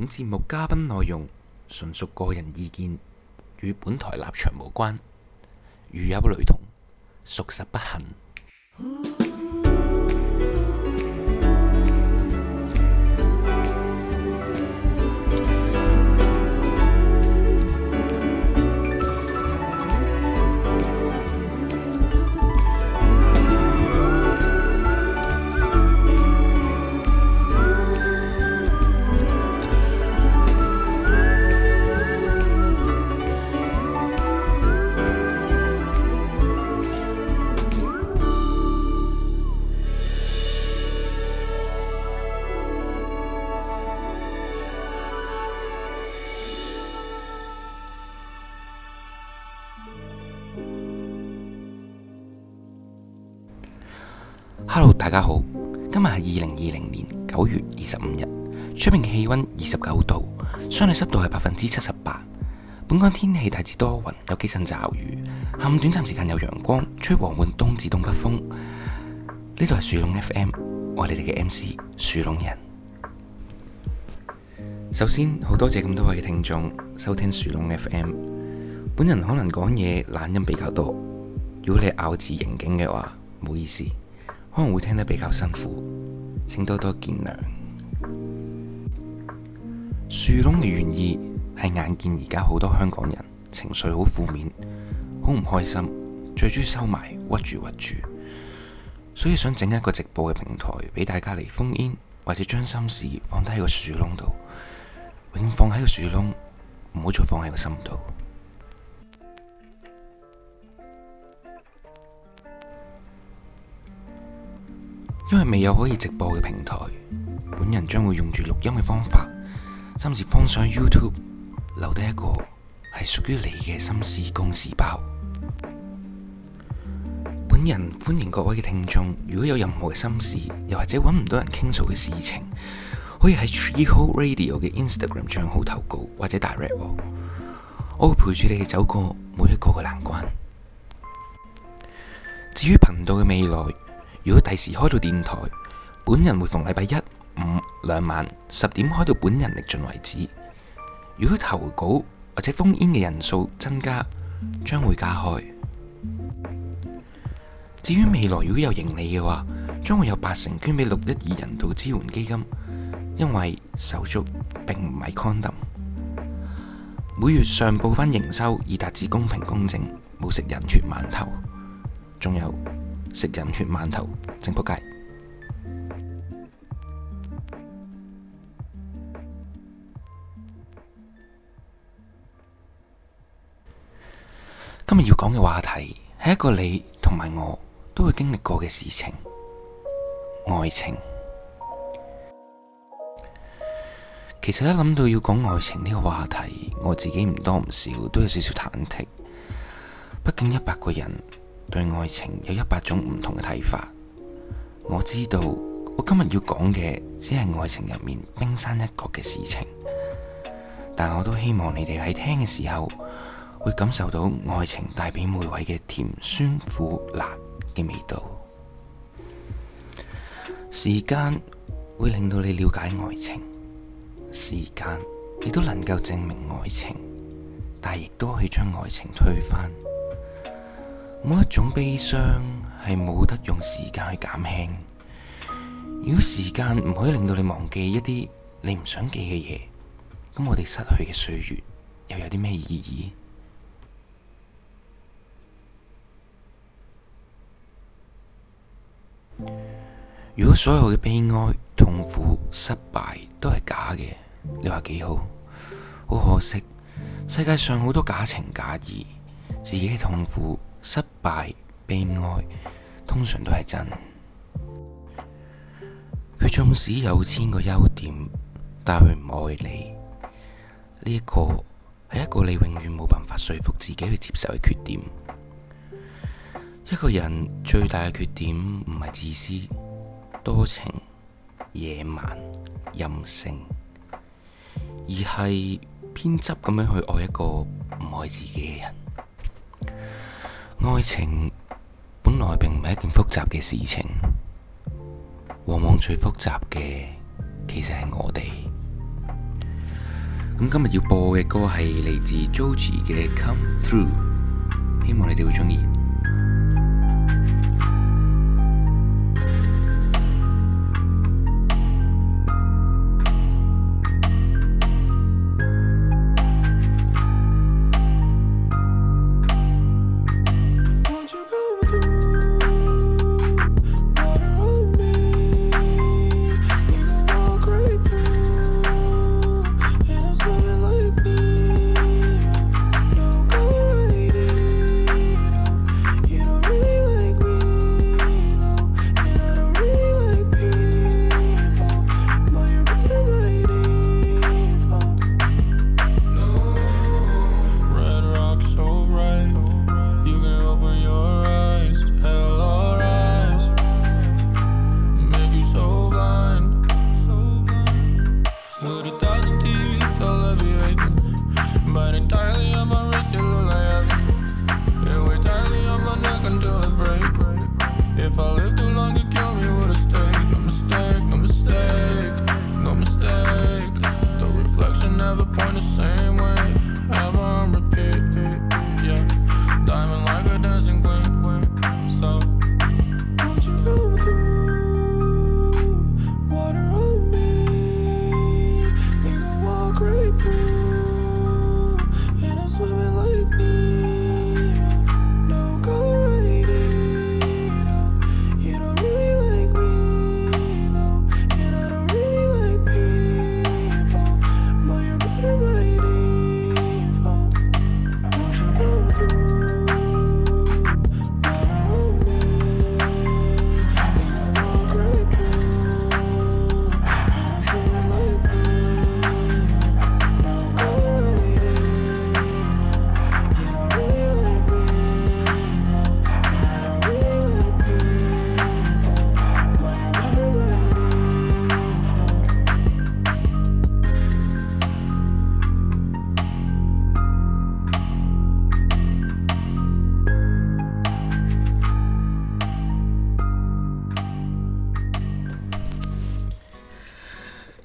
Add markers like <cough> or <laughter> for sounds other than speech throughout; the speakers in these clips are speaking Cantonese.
本節目嘉賓內容純屬個人意見，與本台立場無關。如有雷同，屬實不幸。Hello，大家好，今日係二零二零年九月二十五日，出面嘅氣溫二十九度，相對濕度係百分之七十八。本港天氣大致多雲，有幾陣驟雨。下午短暫時間有陽光，吹和緩東至東北風。呢度係樹窿 FM，我哋嘅 MC 樹窿人。首先，好多謝咁多位嘅聽眾收聽樹窿 FM。本人可能講嘢懶音比較多，如果你咬字刑警嘅話，唔好意思。可能會聽得比較辛苦，請多多見諒。樹窿嘅原意係眼見而家好多香港人情緒好負面，好唔開心，最鍾意收埋屈住屈住，所以想整一個直播嘅平台俾大家嚟封煙，或者將心事放低喺個樹窿度，永遠放喺個樹窿，唔好再放喺個心度。因為未有可以直播嘅平台，本人將會用住錄音嘅方法，暫時放上 YouTube，留低一個係屬於你嘅心事公事包。本人歡迎各位嘅聽眾，如果有任何嘅心事，又或者揾唔到人傾訴嘅事情，可以喺 Tree Hole Radio 嘅 Instagram 賬號投稿或者 Direct 我，我我會陪住你哋走過每一個嘅難關。至於頻道嘅未來，如果第時開到電台，本人會逢禮拜一、五、兩晚十點開到本人力盡為止。如果投稿或者封煙嘅人數增加，將會加開。至於未來，如果有盈利嘅話，將會有八成捐俾六一二人道支援基金，因為手足並唔係 condom。每月上報翻營收，以達至公平公正，冇食人血饅頭。仲有。食人血饅頭，正仆街。今日要講嘅話題，係一個你同埋我都會經歷過嘅事情，愛情。其實一諗到要講愛情呢個話題，我自己唔多唔少，都有少少忐忑，畢竟一百個人。對愛情有一百種唔同嘅睇法，我知道我今日要講嘅只係愛情入面冰山一角嘅事情，但我都希望你哋喺聽嘅時候會感受到愛情帶俾每位嘅甜酸苦辣嘅味道。時間會令到你了解愛情，時間亦都能夠證明愛情，但亦都可以將愛情推翻。冇一種悲傷係冇得用時間去減輕。如果時間唔可以令到你忘記一啲你唔想記嘅嘢，咁我哋失去嘅歲月又有啲咩意義？如果所有嘅悲哀、痛苦、失敗都係假嘅，你話幾好？好可惜，世界上好多假情假意，自己嘅痛苦。失敗、悲哀，通常都係真。佢縱使有千個優點，但佢唔愛你，呢一個係一個你永遠冇辦法說服自己去接受嘅缺點。一個人最大嘅缺點唔係自私、多情、野蠻、任性，而係偏執咁樣去愛一個唔愛自己嘅人。愛情本來並唔係一件複雜嘅事情，往往最複雜嘅其實係我哋。咁今日要播嘅歌係嚟自 Joji 嘅《Come Through》，希望你哋會鍾意。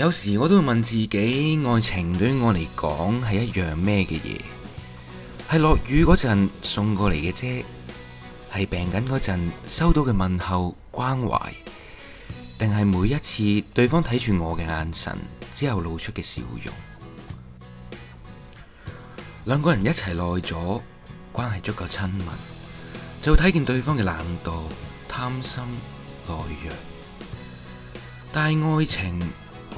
有時我都會問自己，愛情對於我嚟講係一樣咩嘅嘢？係落雨嗰陣送過嚟嘅啫，係病緊嗰陣收到嘅問候關懷，定係每一次對方睇住我嘅眼神之後露出嘅笑容。兩個人一齊耐咗，關係足夠親密，就會睇見對方嘅懶惰、貪心、懦弱，但係愛情。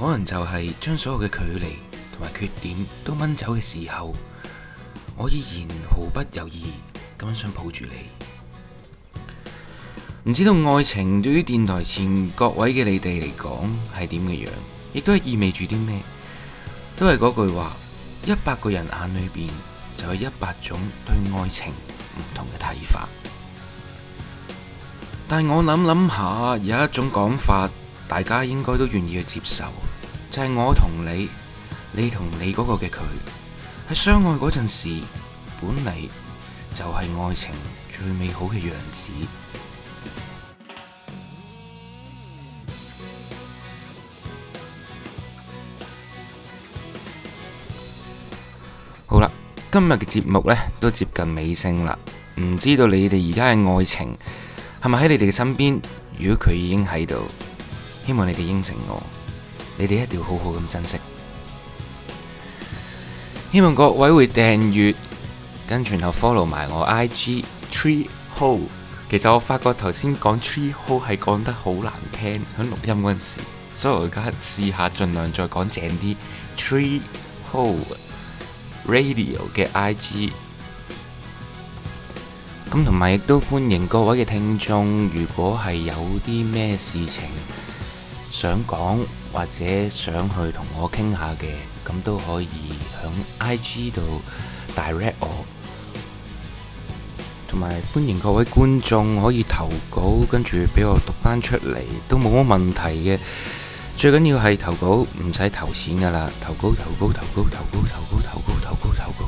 可能就係將所有嘅距離同埋缺點都掹走嘅時候，我依然毫不猶豫咁樣想抱住你。唔知道愛情對於電台前各位嘅你哋嚟講係點嘅樣，亦都係意味住啲咩？都係嗰句話，一百個人眼裏邊就係一百種對愛情唔同嘅睇法。但我諗諗下，有一種講法，大家應該都願意去接受。就係我同你，你同你嗰個嘅佢，喺相愛嗰陣時，本嚟就係愛情最美好嘅樣子。 <music> 好啦，今日嘅節目呢都接近尾聲啦，唔知道你哋而家嘅愛情係咪喺你哋嘅身邊？如果佢已經喺度，希望你哋應承我。你哋一定要好好咁珍惜，希望各位會訂閱跟隨後 follow 埋我 IG Tree Hole。其實我發覺頭先講 Tree Hole 係講得好難聽，響錄音嗰陣時，所以我而家試下盡量再講正啲 Tree Hole Radio 嘅 IG。咁同埋亦都歡迎各位嘅聽眾，如果係有啲咩事情想講。或者想去同我傾下嘅，咁都可以喺 IG 度 direct 我，同埋歡迎各位觀眾可以投稿，跟住俾我讀翻出嚟都冇乜問題嘅。最緊要係投稿，唔使投錢㗎啦！投稿投稿投稿投稿投稿投稿投稿。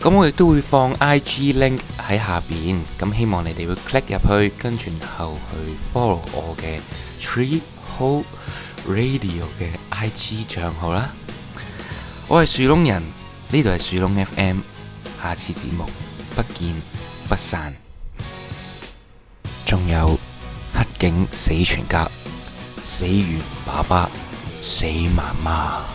咁我亦都會放 IG link 喺下邊，咁希望你哋會 click 入去，跟住然後去 follow 我嘅 tree。Hold Radio 嘅 IG 賬號啦，我係樹窿人，呢度係樹窿 FM，下次節目不見不散。仲有黑警死全家，死完爸爸死媽媽。